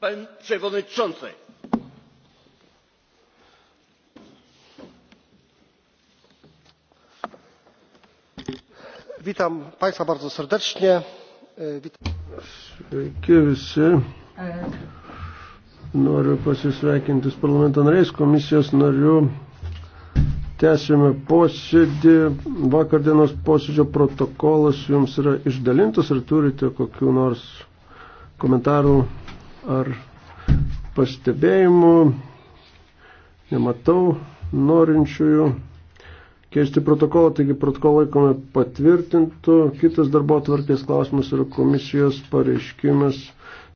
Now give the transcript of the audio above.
Pan przewodniczący! Witam Państwa bardzo serdecznie. E, Sveiki visi. Noriu pasisveikinti su parlamento nariais, komisijos nariu. Tęsime posėdį. Vakardienos posėdžio protokolas jums yra išdalintas. Ar turite kokiu nors komentaru ar pastebėjimų. Nematau norinčiųjų keisti protokolą, taigi protokolą laikome patvirtintų. Kitas darbo atvarkės klausimas yra komisijos pareiškimas